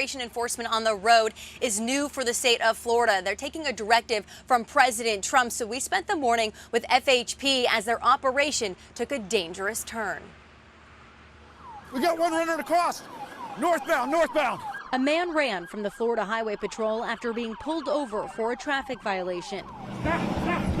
registration enforcement on the road is new for the state of Florida. They're taking a directive from President Trump. So we spent the morning with FHP as their operation took a dangerous turn. We got one runner across. Northbound, northbound. A man ran from the Florida Highway Patrol after being pulled over for a traffic violation. Stop, stop,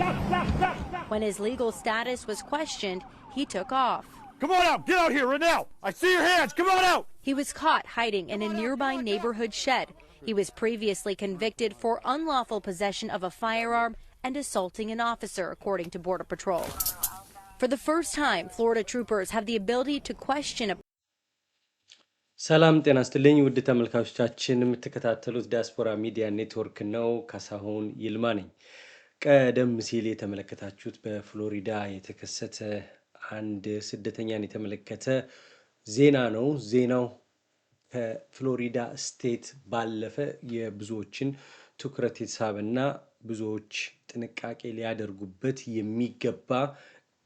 stop, when his legal status was questioned, he took off. Come on out. Get out here right now. I see your hands. Come on out. He was caught hiding in a nearby neighborhood shed. He was previously convicted for unlawful possession of a firearm and assaulting an officer, according to Border Patrol. For the first time, Florida troopers have the ability to question a ሰላም ጤና ስትልኝ ውድ ተመልካቾቻችን የምትከታተሉት ዲያስፖራ ሚዲያ ኔትወርክ ነው። ካሳሁን ይልማ ነኝ። ቀደም ሲል የተመለከታችሁት በፍሎሪዳ የተከሰተ አንድ ስደተኛን የተመለከተ ዜና ነው። ዜናው ከፍሎሪዳ ስቴት ባለፈ የብዙዎችን ትኩረት የተሳበና ብዙዎች ጥንቃቄ ሊያደርጉበት የሚገባ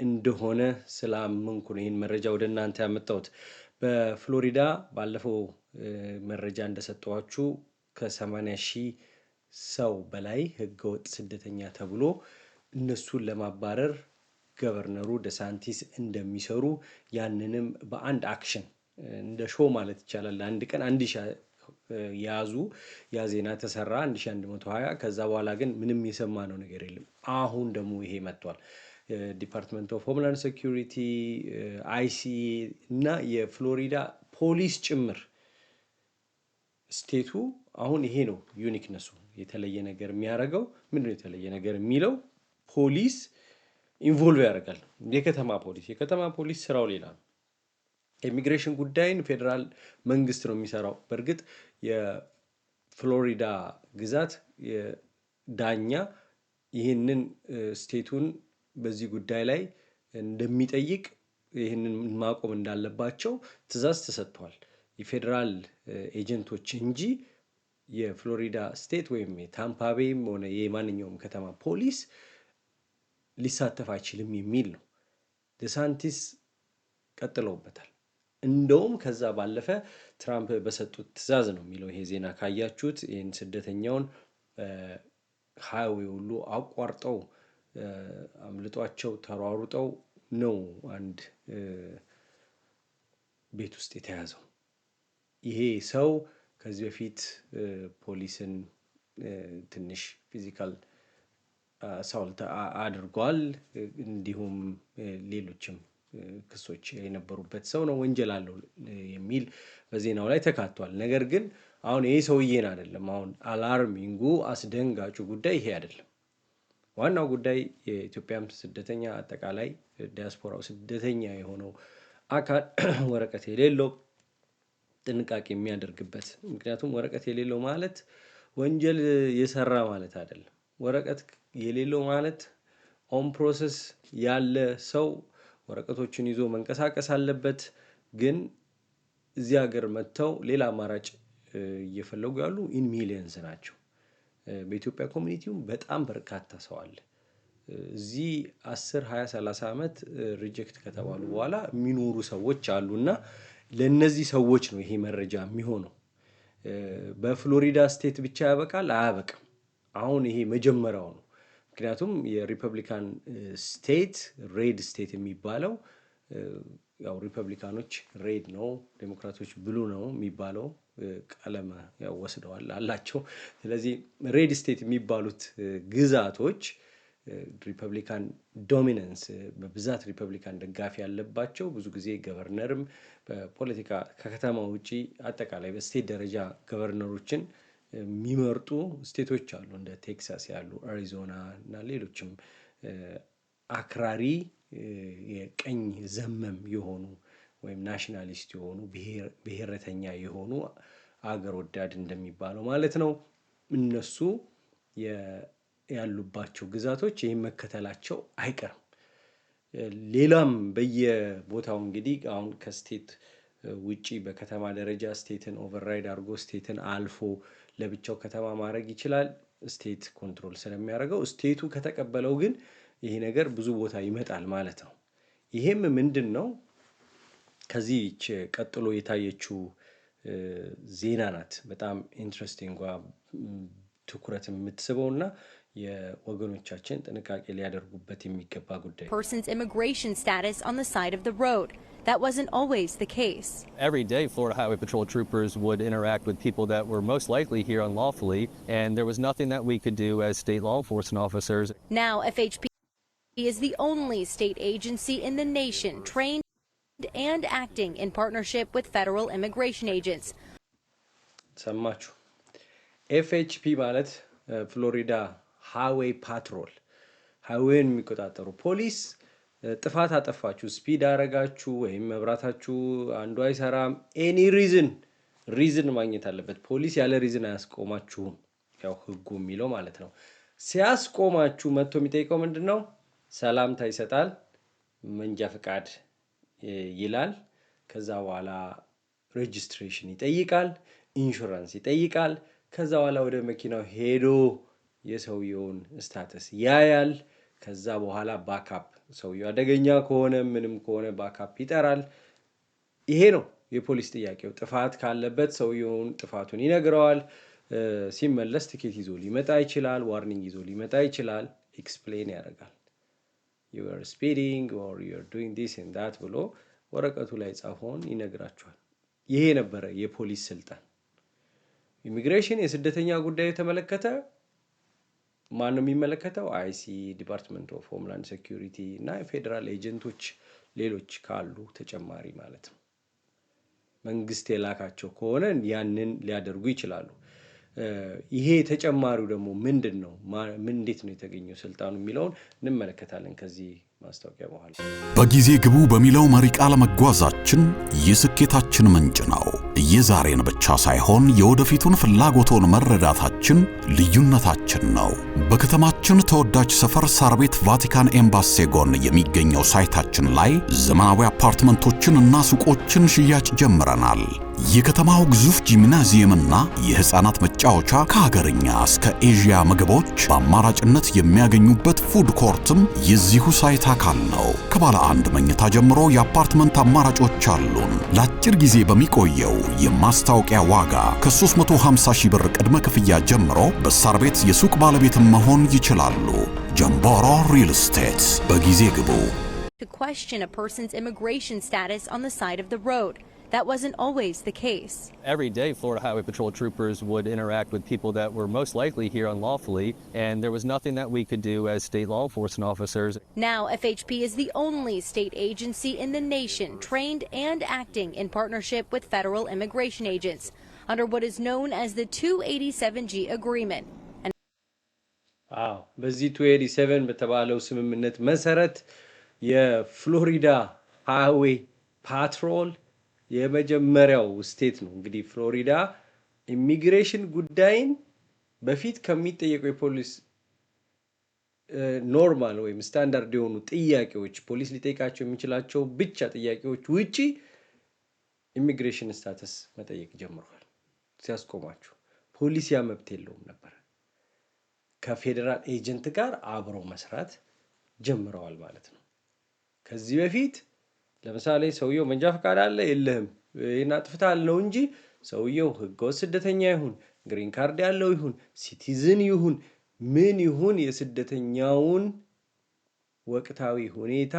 እንደሆነ ስላመንኩ ነው ይህን መረጃ ወደ እናንተ ያመጣሁት። በፍሎሪዳ ባለፈው መረጃ እንደሰጠኋችሁ ከሰማንያ ሺህ ሰው በላይ ህገወጥ ስደተኛ ተብሎ እነሱን ለማባረር ገቨርነሩ ደሳንቲስ እንደሚሰሩ ያንንም በአንድ አክሽን እንደ ሾ ማለት ይቻላል አንድ ቀን አንድ ሺ ያዙ ያ ዜና ተሰራ 1120 ከዛ በኋላ ግን ምንም የሰማ ነው ነገር የለም አሁን ደግሞ ይሄ መጥቷል ዲፓርትመንት ኦፍ ሆምላንድ ሴኪሪቲ አይሲ እና የፍሎሪዳ ፖሊስ ጭምር ስቴቱ አሁን ይሄ ነው ዩኒክነሱ የተለየ ነገር የሚያደርገው ነው የተለየ ነገር የሚለው ፖሊስ ኢንቮልቭ ያደርጋል። የከተማ ፖሊስ የከተማ ፖሊስ ስራው ሌላ ነው። ኢሚግሬሽን ጉዳይን ፌዴራል መንግስት ነው የሚሰራው። በእርግጥ የፍሎሪዳ ግዛት ዳኛ ይህንን ስቴቱን በዚህ ጉዳይ ላይ እንደሚጠይቅ ይህንን ማቆም እንዳለባቸው ትዕዛዝ ተሰጥቷል። የፌዴራል ኤጀንቶች እንጂ የፍሎሪዳ ስቴት ወይም የታምፓ ቤይም ሆነ የማንኛውም ከተማ ፖሊስ ሊሳተፍ አይችልም የሚል ነው። ደሳንቲስ ቀጥለውበታል። እንደውም ከዛ ባለፈ ትራምፕ በሰጡት ትዕዛዝ ነው የሚለው ይሄ ዜና ካያችሁት፣ ይህን ስደተኛውን ሀይዌ ሁሉ አቋርጠው አምልጧቸው ተሯሩጠው ነው አንድ ቤት ውስጥ የተያዘው። ይሄ ሰው ከዚህ በፊት ፖሊስን ትንሽ ፊዚካል ሳውል አድርጓል። እንዲሁም ሌሎችም ክሶች የነበሩበት ሰው ነው፣ ወንጀል አለው የሚል በዜናው ላይ ተካቷል። ነገር ግን አሁን ይህ ሰውዬን አይደለም። አሁን አላርሚንጉ አስደንጋጩ ጉዳይ ይሄ አይደለም። ዋናው ጉዳይ የኢትዮጵያም ስደተኛ አጠቃላይ ዲያስፖራው ስደተኛ የሆነው አካል ወረቀት የሌለው ጥንቃቄ የሚያደርግበት ምክንያቱም ወረቀት የሌለው ማለት ወንጀል የሰራ ማለት አይደለም። ወረቀት የሌለው ማለት ኦን ፕሮሰስ ያለ ሰው ወረቀቶችን ይዞ መንቀሳቀስ አለበት። ግን እዚህ ሀገር መጥተው ሌላ አማራጭ እየፈለጉ ያሉ ኢን ሚሊየንስ ናቸው። በኢትዮጵያ ኮሚኒቲውም በጣም በርካታ ሰው አለ። እዚህ 10፣ 20፣ 30 ዓመት ሪጀክት ከተባሉ በኋላ የሚኖሩ ሰዎች አሉ እና ለእነዚህ ሰዎች ነው ይሄ መረጃ የሚሆነው። በፍሎሪዳ ስቴት ብቻ ያበቃል? አያበቅም። አሁን ይሄ መጀመሪያው ነው። ምክንያቱም የሪፐብሊካን ስቴት ሬድ ስቴት የሚባለው ያው ሪፐብሊካኖች ሬድ ነው፣ ዴሞክራቶች ብሉ ነው የሚባለው ቀለም ያው ወስደዋል አላቸው። ስለዚህ ሬድ ስቴት የሚባሉት ግዛቶች ሪፐብሊካን ዶሚነንስ በብዛት ሪፐብሊካን ደጋፊ ያለባቸው ብዙ ጊዜ ገቨርነርም በፖለቲካ ከከተማ ውጪ አጠቃላይ በስቴት ደረጃ ገቨርነሮችን የሚመርጡ ስቴቶች አሉ እንደ ቴክሳስ ያሉ፣ አሪዞና እና ሌሎችም አክራሪ የቀኝ ዘመም የሆኑ ወይም ናሽናሊስት የሆኑ ብሔረተኛ የሆኑ አገር ወዳድ እንደሚባለው ማለት ነው። እነሱ ያሉባቸው ግዛቶች ይህን መከተላቸው አይቀርም። ሌላም በየቦታው እንግዲህ አሁን ከስቴት ውጪ በከተማ ደረጃ ስቴትን ኦቨርራይድ አድርጎ ስቴትን አልፎ ለብቻው ከተማ ማድረግ ይችላል። ስቴት ኮንትሮል ስለሚያደርገው ስቴቱ ከተቀበለው ግን ይሄ ነገር ብዙ ቦታ ይመጣል ማለት ነው። ይሄም ምንድን ነው? ከዚህች ቀጥሎ የታየችው ዜና ናት። በጣም ኢንትረስቲንግ የወገኖቻችን ጥንቃቄ ሊያደርጉበት የሚገባ ጉዳይ person's immigration status on the side of the road that wasn't always the case every day Florida Highway Patrol troopers would interact with people that were most likely here unlawfully and there was nothing that we could do as state law enforcement officers now FHP is the only state agency in the nation trained and acting in partnership with federal immigration agents ሰማችሁ ኤፍኤችፒ ማለት ፍሎሪዳ ሃዌይ ፓትሮል ሃዌይን የሚቆጣጠሩ ፖሊስ ጥፋት አጠፋችሁ፣ ስፒድ አረጋችሁ፣ ወይም መብራታችሁ አንዱ አይሰራም፣ ኤኒ ሪዝን ሪዝን ማግኘት አለበት። ፖሊስ ያለ ሪዝን አያስቆማችሁም። ያው ህጉ የሚለው ማለት ነው። ሲያስቆማችሁ መጥቶ የሚጠይቀው ምንድን ነው? ሰላምታ ይሰጣል፣ መንጃ ፈቃድ ይላል። ከዛ በኋላ ሬጅስትሬሽን ይጠይቃል፣ ኢንሹራንስ ይጠይቃል። ከዛ በኋላ ወደ መኪናው ሄዶ የሰውየውን ስታተስ ያያል። ከዛ በኋላ ባካፕ ሰውየው አደገኛ ከሆነ ምንም ከሆነ ባካፕ ይጠራል። ይሄ ነው የፖሊስ ጥያቄው። ጥፋት ካለበት ሰውየውን ጥፋቱን ይነግረዋል። ሲመለስ ትኬት ይዞ ሊመጣ ይችላል። ዋርኒንግ ይዞ ሊመጣ ይችላል። ኤክስፕሌን ያደርጋል። ዩ አር ስፒዲንግ ኦር ዩ አር ዲስ ኤንድ ዳት ብሎ ወረቀቱ ላይ ጻፈውን ይነግራቸዋል። ይሄ ነበረ የፖሊስ ስልጣን። ኢሚግሬሽን የስደተኛ ጉዳይ የተመለከተ ማን ነው የሚመለከተው? አይሲ፣ ዲፓርትመንት ኦፍ ሆምላንድ ሴኪሪቲ እና የፌዴራል ኤጀንቶች ሌሎች ካሉ ተጨማሪ ማለት ነው። መንግስት የላካቸው ከሆነ ያንን ሊያደርጉ ይችላሉ። ይሄ ተጨማሪው ደግሞ ምንድን ነው? እንዴት ነው የተገኘው ስልጣኑ የሚለውን እንመለከታለን ከዚህ ማስታወቂያ በኋላ በጊዜ ግቡ በሚለው መሪ ቃል መጓዛችን የስኬታችን ምንጭ ነው። የዛሬን ብቻ ሳይሆን የወደፊቱን ፍላጎቶን መረዳታችን ልዩነታችን ነው። በከተማችን ተወዳጅ ሰፈር ሳር ቤት ቫቲካን ኤምባሴ ጎን የሚገኘው ሳይታችን ላይ ዘመናዊ አፓርትመንቶችን እና ሱቆችን ሽያጭ ጀምረናል። የከተማው ግዙፍ ጂምናዚየምና የህፃናት መጫወቻ ከሀገርኛ እስከ ኤዥያ ምግቦች በአማራጭነት የሚያገኙበት ፉድ ኮርትም የዚሁ ሳይት አካል ነው። ከባለ አንድ መኝታ ጀምሮ የአፓርትመንት አማራጮች አሉን። ለአጭር ጊዜ በሚቆየው የማስታወቂያ ዋጋ ከ350 ሺህ ብር ቅድመ ክፍያ ጀምሮ በሳር ቤት የሱቅ ባለቤትም መሆን ይችላሉ። ጀምቦሮ ሪል ስቴት በጊዜ ግቡ። To question a person's immigration status on the side of the road. That wasn't always the case. Every day, Florida Highway Patrol troopers would interact with people that were most likely here unlawfully, and there was nothing that we could do as state law enforcement officers. Now, FHP is the only state agency in the nation trained and acting in partnership with federal immigration agents under what is known as the 287G agreement. አዎ በዚህ 287 በተባለው ስምምነት መሰረት የፍሎሪዳ ሃዌይ ፓትሮል የመጀመሪያው ስቴት ነው። እንግዲህ ፍሎሪዳ ኢሚግሬሽን ጉዳይን በፊት ከሚጠየቁ የፖሊስ ኖርማል ወይም ስታንዳርድ የሆኑ ጥያቄዎች ፖሊስ ሊጠይቃቸው የሚችላቸው ብቻ ጥያቄዎች ውጪ ኢሚግሬሽን ስታተስ መጠየቅ ጀምሯል። ሲያስቆማችሁ ፖሊስ ያ መብት የለውም ነበር። ከፌዴራል ኤጀንት ጋር አብሮ መስራት ጀምረዋል ማለት ነው። ከዚህ በፊት ለምሳሌ ሰውየው መንጃ ፈቃድ አለ የለህም፣ ይህን አጥፍተሃል ነው እንጂ ሰውየው ህገወጥ ስደተኛ ይሁን ግሪን ካርድ ያለው ይሁን ሲቲዝን ይሁን ምን ይሁን የስደተኛውን ወቅታዊ ሁኔታ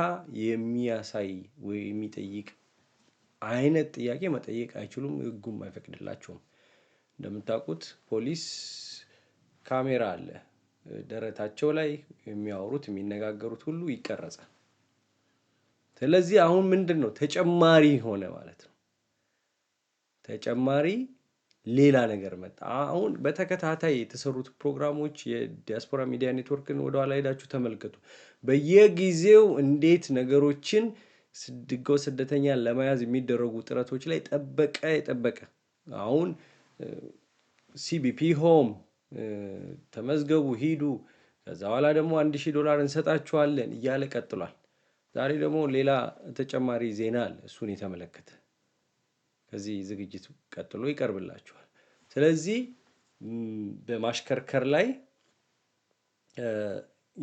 የሚያሳይ ወይ የሚጠይቅ አይነት ጥያቄ መጠየቅ አይችሉም። ህጉም አይፈቅድላቸውም። እንደምታውቁት ፖሊስ ካሜራ አለ። ደረታቸው ላይ የሚያወሩት የሚነጋገሩት ሁሉ ይቀረጻል። ስለዚህ አሁን ምንድን ነው ተጨማሪ ሆነ ማለት ነው። ተጨማሪ ሌላ ነገር መጣ። አሁን በተከታታይ የተሰሩት ፕሮግራሞች የዲያስፖራ ሚዲያ ኔትወርክን ወደኋላ ሄዳችሁ ተመልከቱ። በየጊዜው እንዴት ነገሮችን ህገወጥ ስደተኛን ለመያዝ የሚደረጉ ጥረቶች ላይ ጠበቀ የጠበቀ አሁን ሲቢፒ ሆም ተመዝገቡ፣ ሂዱ፣ ከዛ በኋላ ደግሞ አንድ ሺህ ዶላር እንሰጣችኋለን እያለ ቀጥሏል። ዛሬ ደግሞ ሌላ ተጨማሪ ዜና አለ። እሱን የተመለከተ ከዚህ ዝግጅት ቀጥሎ ይቀርብላችኋል። ስለዚህ በማሽከርከር ላይ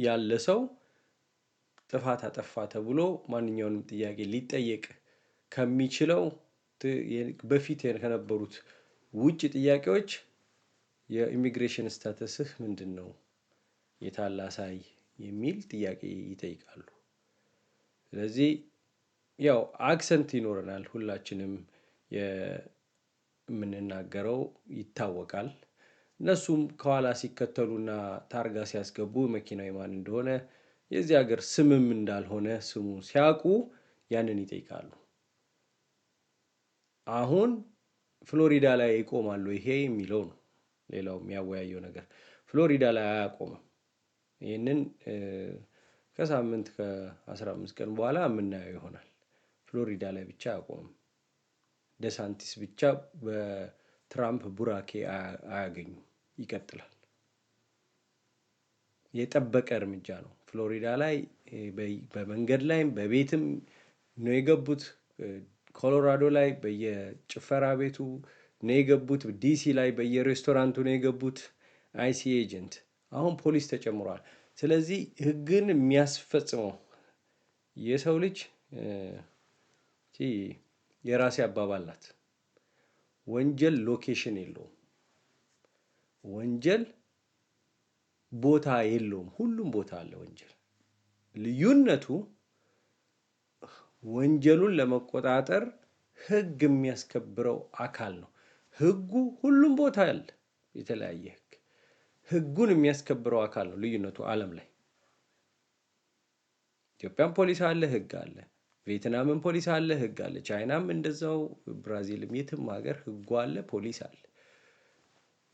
ያለ ሰው ጥፋት አጠፋ ተብሎ ማንኛውንም ጥያቄ ሊጠየቅ ከሚችለው በፊት ከነበሩት ውጭ ጥያቄዎች የኢሚግሬሽን ስታተስህ ምንድን ነው? የታላሳይ የሚል ጥያቄ ይጠይቃሉ። ስለዚህ ያው አክሰንት ይኖረናል ሁላችንም የምንናገረው ይታወቃል። እነሱም ከኋላ ሲከተሉና ታርጋ ሲያስገቡ መኪናዊ የማን እንደሆነ የዚህ ሀገር ስምም እንዳልሆነ ስሙ ሲያውቁ ያንን ይጠይቃሉ። አሁን ፍሎሪዳ ላይ ይቆማሉ ይሄ የሚለው ነው ሌላው የሚያወያየው ነገር ፍሎሪዳ ላይ አያቆምም። ይህንን ከሳምንት ከ15 ቀን በኋላ የምናየው ይሆናል። ፍሎሪዳ ላይ ብቻ አያቆምም። ደሳንቲስ ብቻ በትራምፕ ቡራኬ አያገኙም፣ ይቀጥላል። የጠበቀ እርምጃ ነው። ፍሎሪዳ ላይ በመንገድ ላይም በቤትም ነው የገቡት። ኮሎራዶ ላይ በየጭፈራ ቤቱ ነው የገቡት። ዲሲ ላይ በየሬስቶራንቱ ነው የገቡት። አይሲ ኤጀንት አሁን ፖሊስ ተጨምሯል። ስለዚህ ህግን የሚያስፈጽመው የሰው ልጅ የራሴ አባባል ናት። ወንጀል ሎኬሽን የለውም። ወንጀል ቦታ የለውም። ሁሉም ቦታ አለ ወንጀል። ልዩነቱ ወንጀሉን ለመቆጣጠር ህግ የሚያስከብረው አካል ነው። ህጉ ሁሉም ቦታ አለ የተለያየ ህጉን የሚያስከብረው አካል ነው ልዩነቱ ዓለም ላይ ኢትዮጵያም ፖሊስ አለ፣ ህግ አለ። ቪየትናምም ፖሊስ አለ፣ ህግ አለ። ቻይናም እንደዛው፣ ብራዚልም፣ የትም ሀገር ህጉ አለ፣ ፖሊስ አለ።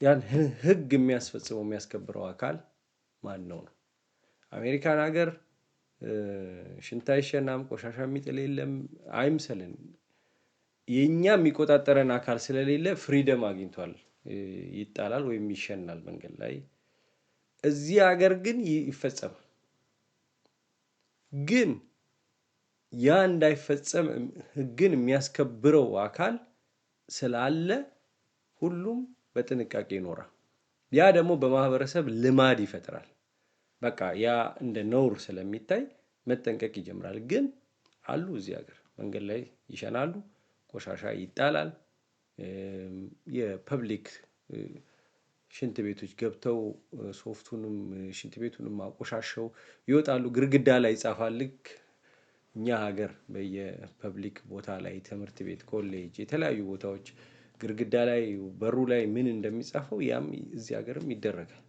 ያን ህግ የሚያስፈጽመው የሚያስከብረው አካል ማን ነው ነው? አሜሪካን ሀገር ሽንት አይሸናም፣ ቆሻሻ የሚጥል የለም አይምሰልን። የእኛ የሚቆጣጠረን አካል ስለሌለ ፍሪደም አግኝቷል ይጣላል ወይም ይሸናል መንገድ ላይ። እዚህ ሀገር ግን ይፈጸማል። ግን ያ እንዳይፈጸም ህግን የሚያስከብረው አካል ስላለ ሁሉም በጥንቃቄ ይኖራል። ያ ደግሞ በማህበረሰብ ልማድ ይፈጥራል። በቃ ያ እንደ ነውር ስለሚታይ መጠንቀቅ ይጀምራል። ግን አሉ እዚህ ሀገር መንገድ ላይ ይሸናሉ፣ ቆሻሻ ይጣላል። የፐብሊክ ሽንት ቤቶች ገብተው ሶፍቱንም ሽንት ቤቱንም አቆሻሸው ይወጣሉ። ግርግዳ ላይ ይጻፋል። ልክ እኛ ሀገር በየፐብሊክ ቦታ ላይ ትምህርት ቤት፣ ኮሌጅ፣ የተለያዩ ቦታዎች ግርግዳ ላይ በሩ ላይ ምን እንደሚጻፈው ያም እዚህ ሀገርም ይደረጋል።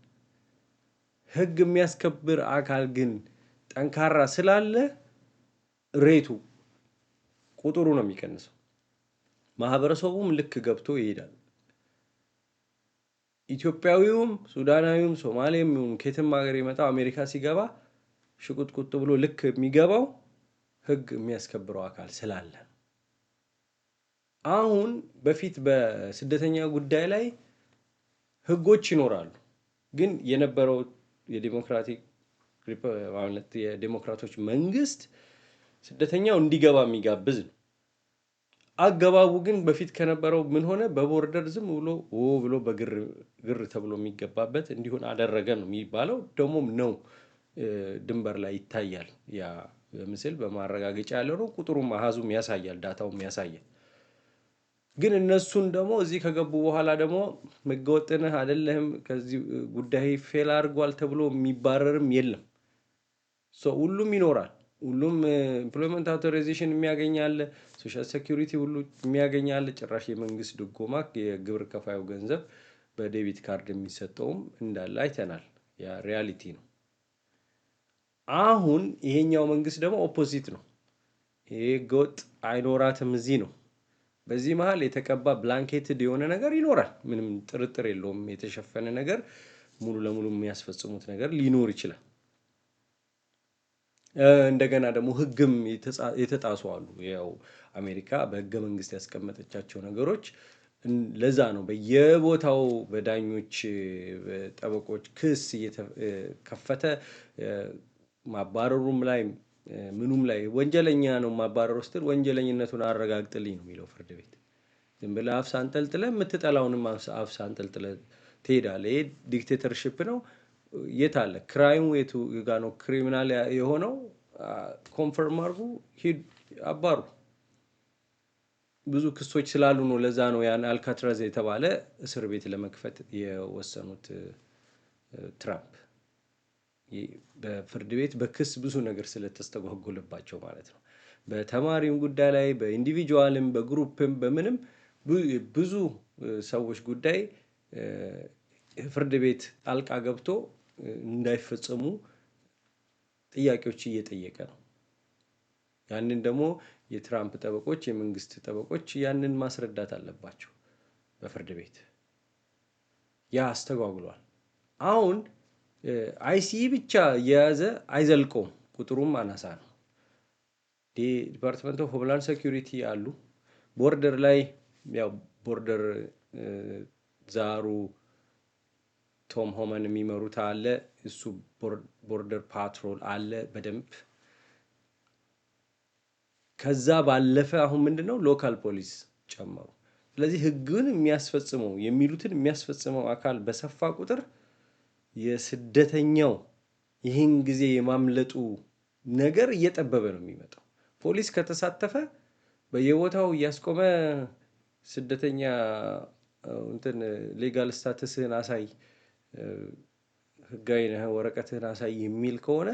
ህግ የሚያስከብር አካል ግን ጠንካራ ስላለ ሬቱ ቁጥሩ ነው የሚቀንሰው። ማህበረሰቡም ልክ ገብቶ ይሄዳል። ኢትዮጵያዊውም ሱዳናዊውም ሶማሌም ይሁን ከየትም ሀገር የመጣው አሜሪካ ሲገባ ሽቁጥቁጥ ብሎ ልክ የሚገባው ህግ የሚያስከብረው አካል ስላለ አሁን በፊት በስደተኛ ጉዳይ ላይ ህጎች ይኖራሉ፣ ግን የነበረው የዲሞክራቲክ የዲሞክራቶች መንግስት ስደተኛው እንዲገባ የሚጋብዝ ነው። አገባቡ ግን በፊት ከነበረው ምን ሆነ? በቦርደር ዝም ብሎ ዎ ብሎ በግር ተብሎ የሚገባበት እንዲሆን አደረገ ነው የሚባለው። ደግሞም ነው ድንበር ላይ ይታያል። ያ ምስል በማረጋገጫ ያለ ነው። ቁጥሩም አሃዙም ያሳያል፣ ዳታውም ያሳያል። ግን እነሱን ደግሞ እዚህ ከገቡ በኋላ ደግሞ መገወጥንህ አይደለህም ከዚህ ጉዳይ ፌል አድርጓል ተብሎ የሚባረርም የለም። ሁሉም ይኖራል። ሁሉም ኢምፕሎይመንት አውቶራይዜሽን የሚያገኛል፣ ሶሻል ሴኩሪቲ ሁሉ የሚያገኛል። ጭራሽ የመንግስት ድጎማ የግብር ከፋዩ ገንዘብ በዴቢት ካርድ የሚሰጠውም እንዳለ አይተናል። ያ ሪያሊቲ ነው። አሁን ይሄኛው መንግስት ደግሞ ኦፖዚት ነው። ይሄ ህገወጥ አይኖራትም እዚህ ነው። በዚህ መሀል የተቀባ ብላንኬትድ የሆነ ነገር ይኖራል። ምንም ጥርጥር የለውም። የተሸፈነ ነገር ሙሉ ለሙሉ የሚያስፈጽሙት ነገር ሊኖር ይችላል። እንደገና ደግሞ ህግም የተጣሱ አሉ። ያው አሜሪካ በህገ መንግስት ያስቀመጠቻቸው ነገሮች ለዛ ነው በየቦታው በዳኞች ጠበቆች ክስ እየተከፈተ ማባረሩም ላይ ምኑም ላይ ወንጀለኛ ነው ማባረሩ ስትል ወንጀለኝነቱን አረጋግጥልኝ ነው የሚለው ፍርድ ቤት። ዝም ብለህ አፍሳ አንጠልጥለህ የምትጠላውንም አፍሳ አንጠልጥለህ ትሄዳለህ። ይሄ ዲክቴተርሽፕ ነው። የት አለ ክራይም የቱ ጋ ነው ክሪሚናል የሆነው? ኮንፈርም አርጉ ሂድ አባሩ። ብዙ ክሶች ስላሉ ነው። ለዛ ነው ያን አልካትራዝ የተባለ እስር ቤት ለመክፈት የወሰኑት ትራምፕ በፍርድ ቤት በክስ ብዙ ነገር ስለተስተጓጎለባቸው ማለት ነው። በተማሪም ጉዳይ ላይ በኢንዲቪጁዋልም በግሩፕም በምንም ብዙ ሰዎች ጉዳይ ፍርድ ቤት ጣልቃ ገብቶ እንዳይፈጸሙ ጥያቄዎች እየጠየቀ ነው። ያንን ደግሞ የትራምፕ ጠበቆች የመንግስት ጠበቆች ያንን ማስረዳት አለባቸው በፍርድ ቤት። ያ አስተጓጉሏል። አሁን አይሲኢ ብቻ እየያዘ አይዘልቀውም፣ ቁጥሩም አናሳ ነው። ዲፓርትመንት ኦፍ ሆምላንድ ሴኩሪቲ አሉ ቦርደር ላይ ያው ቦርደር ዛሩ ቶም ሆመን የሚመሩት አለ። እሱ ቦርደር ፓትሮል አለ በደንብ ከዛ ባለፈ አሁን ምንድን ነው ሎካል ፖሊስ ጨመሩ። ስለዚህ ህግን የሚያስፈጽመው የሚሉትን የሚያስፈጽመው አካል በሰፋ ቁጥር የስደተኛው ይህን ጊዜ የማምለጡ ነገር እየጠበበ ነው የሚመጣው። ፖሊስ ከተሳተፈ በየቦታው እያስቆመ ስደተኛ እንትን ሌጋል ስታትስህን አሳይ ህጋዊ ነህ ወረቀትህን አሳይ የሚል ከሆነ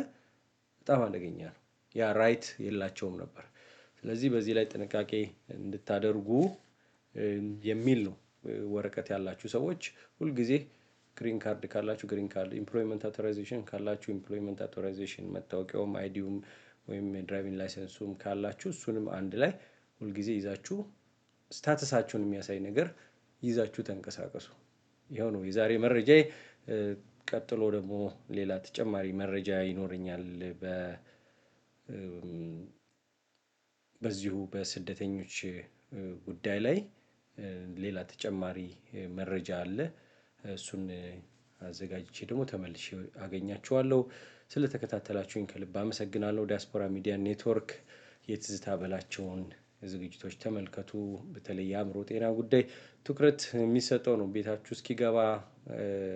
በጣም አደገኛ ነው። ያ ራይት የላቸውም ነበር። ስለዚህ በዚህ ላይ ጥንቃቄ እንድታደርጉ የሚል ነው። ወረቀት ያላችሁ ሰዎች ሁልጊዜ ግሪን ካርድ ካላችሁ ግሪን ካርድ ኢምፕሎይመንት አውቶራይዜሽን ካላችሁ ኢምፕሎይመንት አውቶራይዜሽን መታወቂያውም አይዲውም ወይም ድራይቪንግ ላይሰንሱም ካላችሁ እሱንም አንድ ላይ ሁልጊዜ ይዛችሁ ስታተሳችሁን የሚያሳይ ነገር ይዛችሁ ተንቀሳቀሱ ይኸው ነው የዛሬ መረጃ። ቀጥሎ ደግሞ ሌላ ተጨማሪ መረጃ ይኖረኛል በዚሁ በስደተኞች ጉዳይ ላይ ሌላ ተጨማሪ መረጃ አለ። እሱን አዘጋጅቼ ደግሞ ተመልሼ አገኛችኋለሁ። ስለተከታተላችሁኝ ከልብ አመሰግናለሁ። ዲያስፖራ ሚዲያ ኔትወርክ የትዝታ በላቸውን ዝግጅቶች ተመልከቱ። በተለይ የአእምሮ ጤና ጉዳይ ትኩረት የሚሰጠው ነው። ቤታችሁ እስኪገባ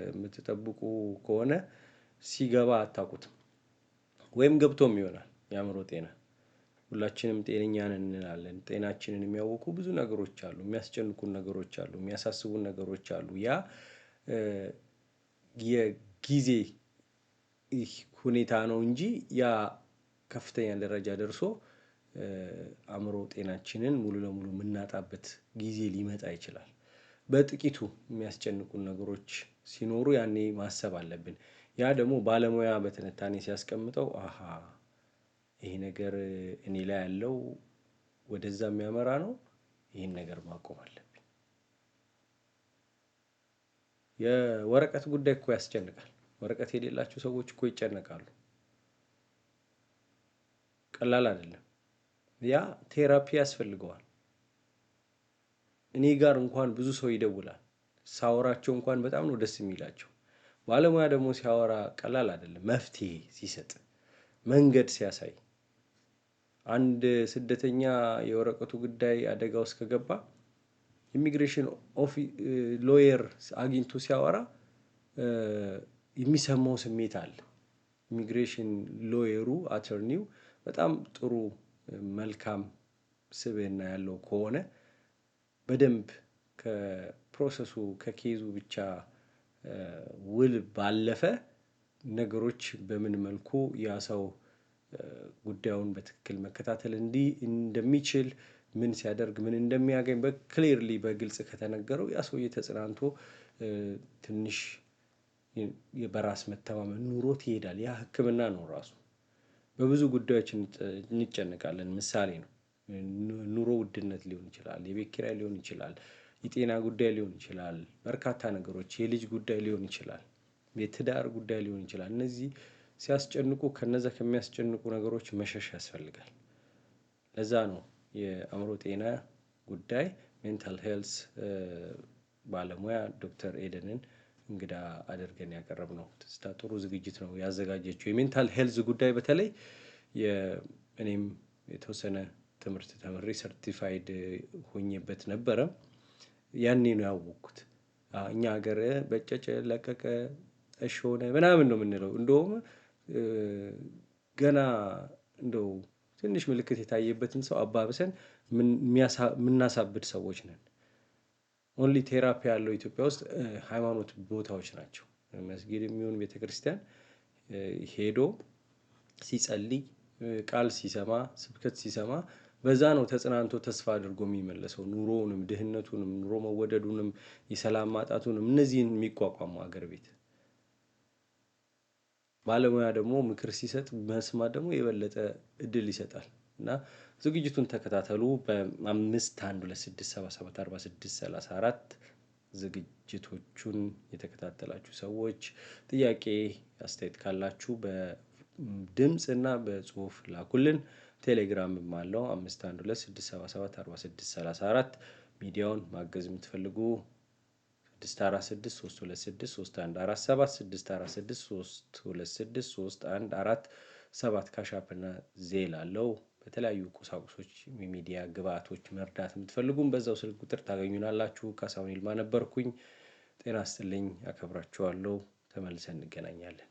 የምትጠብቁ ከሆነ ሲገባ አታውቁትም፣ ወይም ገብቶም ይሆናል። የአእምሮ ጤና ሁላችንም ጤነኛን እንላለን። ጤናችንን የሚያውቁ ብዙ ነገሮች አሉ፣ የሚያስጨንቁን ነገሮች አሉ፣ የሚያሳስቡን ነገሮች አሉ። ያ የጊዜ ሁኔታ ነው እንጂ ያ ከፍተኛ ደረጃ ደርሶ አእምሮ ጤናችንን ሙሉ ለሙሉ የምናጣበት ጊዜ ሊመጣ ይችላል። በጥቂቱ የሚያስጨንቁን ነገሮች ሲኖሩ ያኔ ማሰብ አለብን። ያ ደግሞ ባለሙያ በትንታኔ ሲያስቀምጠው አሃ ይሄ ነገር እኔ ላይ ያለው ወደዛ የሚያመራ ነው። ይህን ነገር ማቆም አለብኝ። የወረቀት ጉዳይ እኮ ያስጨንቃል ወረቀት የሌላቸው ሰዎች እኮ ይጨነቃሉ። ቀላል አይደለም ያ ቴራፒ ያስፈልገዋል። እኔ ጋር እንኳን ብዙ ሰው ይደውላል። ሳወራቸው እንኳን በጣም ነው ደስ የሚላቸው። ባለሙያ ደግሞ ሲያወራ ቀላል አይደለም። መፍትሄ ሲሰጥ፣ መንገድ ሲያሳይ አንድ ስደተኛ የወረቀቱ ጉዳይ አደጋ ውስጥ ከገባ ኢሚግሬሽን ሎየር አግኝቶ ሲያወራ የሚሰማው ስሜት አለ። ኢሚግሬሽን ሎየሩ አተርኒው በጣም ጥሩ መልካም ስብዕና ያለው ከሆነ በደንብ ከፕሮሰሱ ከኬዙ ብቻ ውል ባለፈ ነገሮች በምን መልኩ ያ ሰው ጉዳዩን በትክክል መከታተል እንዲህ እንደሚችል ምን ሲያደርግ ምን እንደሚያገኝ በክሊርሊ በግልጽ ከተነገረው ያ ሰውዬ ተጽናንቶ ትንሽ በራስ መተማመን ኑሮት ይሄዳል። ያ ህክምና ነው ራሱ በብዙ ጉዳዮች እንጨነቃለን። ምሳሌ ነው ኑሮ ውድነት ሊሆን ይችላል፣ የቤት ኪራይ ሊሆን ይችላል፣ የጤና ጉዳይ ሊሆን ይችላል፣ በርካታ ነገሮች የልጅ ጉዳይ ሊሆን ይችላል፣ የትዳር ጉዳይ ሊሆን ይችላል። እነዚህ ሲያስጨንቁ ከነዛ ከሚያስጨንቁ ነገሮች መሸሽ ያስፈልጋል። ለዛ ነው የአእምሮ ጤና ጉዳይ ሜንታል ሄልስ ባለሙያ ዶክተር ኤደንን እንግዳ አድርገን ነው። ትዝታ ጥሩ ዝግጅት ነው ያዘጋጀችው። የሜንታል ሄልዝ ጉዳይ በተለይ እኔም የተወሰነ ትምህርት ተምሬ ሰርቲፋይድ ሆኜበት ነበረ። ያኔ ነው ያወቅኩት። እኛ ሀገር በጨጨ ለቀቀ እሺ ሆነ ምናምን ነው የምንለው። እንደውም ገና እንደው ትንሽ ምልክት የታየበትን ሰው አባብሰን የምናሳብድ ሰዎች ነን። ኦንሊ ቴራፒ ያለው ኢትዮጵያ ውስጥ ሃይማኖት ቦታዎች ናቸው። መስጊድ የሚሆን ቤተክርስቲያን ሄዶ ሲጸልይ ቃል ሲሰማ ስብከት ሲሰማ በዛ ነው ተጽናንቶ ተስፋ አድርጎ የሚመለሰው። ኑሮውንም፣ ድህነቱንም፣ ኑሮ መወደዱንም፣ የሰላም ማጣቱንም እነዚህን የሚቋቋሙ ሀገር ቤት ባለሙያ ደግሞ ምክር ሲሰጥ መስማት ደግሞ የበለጠ እድል ይሰጣል እና ዝግጅቱን ተከታተሉ። በአምስት አንድ ሁለት ስድስት ሰባ ሰባት አርባ ስድስት ሰላሳ አራት ዝግጅቶቹን የተከታተላችሁ ሰዎች ጥያቄ፣ አስተያየት ካላችሁ በድምፅ እና በጽሁፍ ላኩልን። ቴሌግራም አለው አምስት አንድ ሁለት ስድስት ሰባ ሰባት አርባ ስድስት ሰላሳ አራት ሚዲያውን ማገዝ የምትፈልጉ 646 ካሻፕ ካሻፕና ዜል አለው። በተለያዩ ቁሳቁሶች የሚዲያ ግብአቶች መርዳት የምትፈልጉም በዛው ስልክ ቁጥር ታገኙናላችሁ። ካሳሁን ይልማ ነበርኩኝ። ጤና ይስጥልኝ። አከብራችኋለሁ። ተመልሰን እንገናኛለን።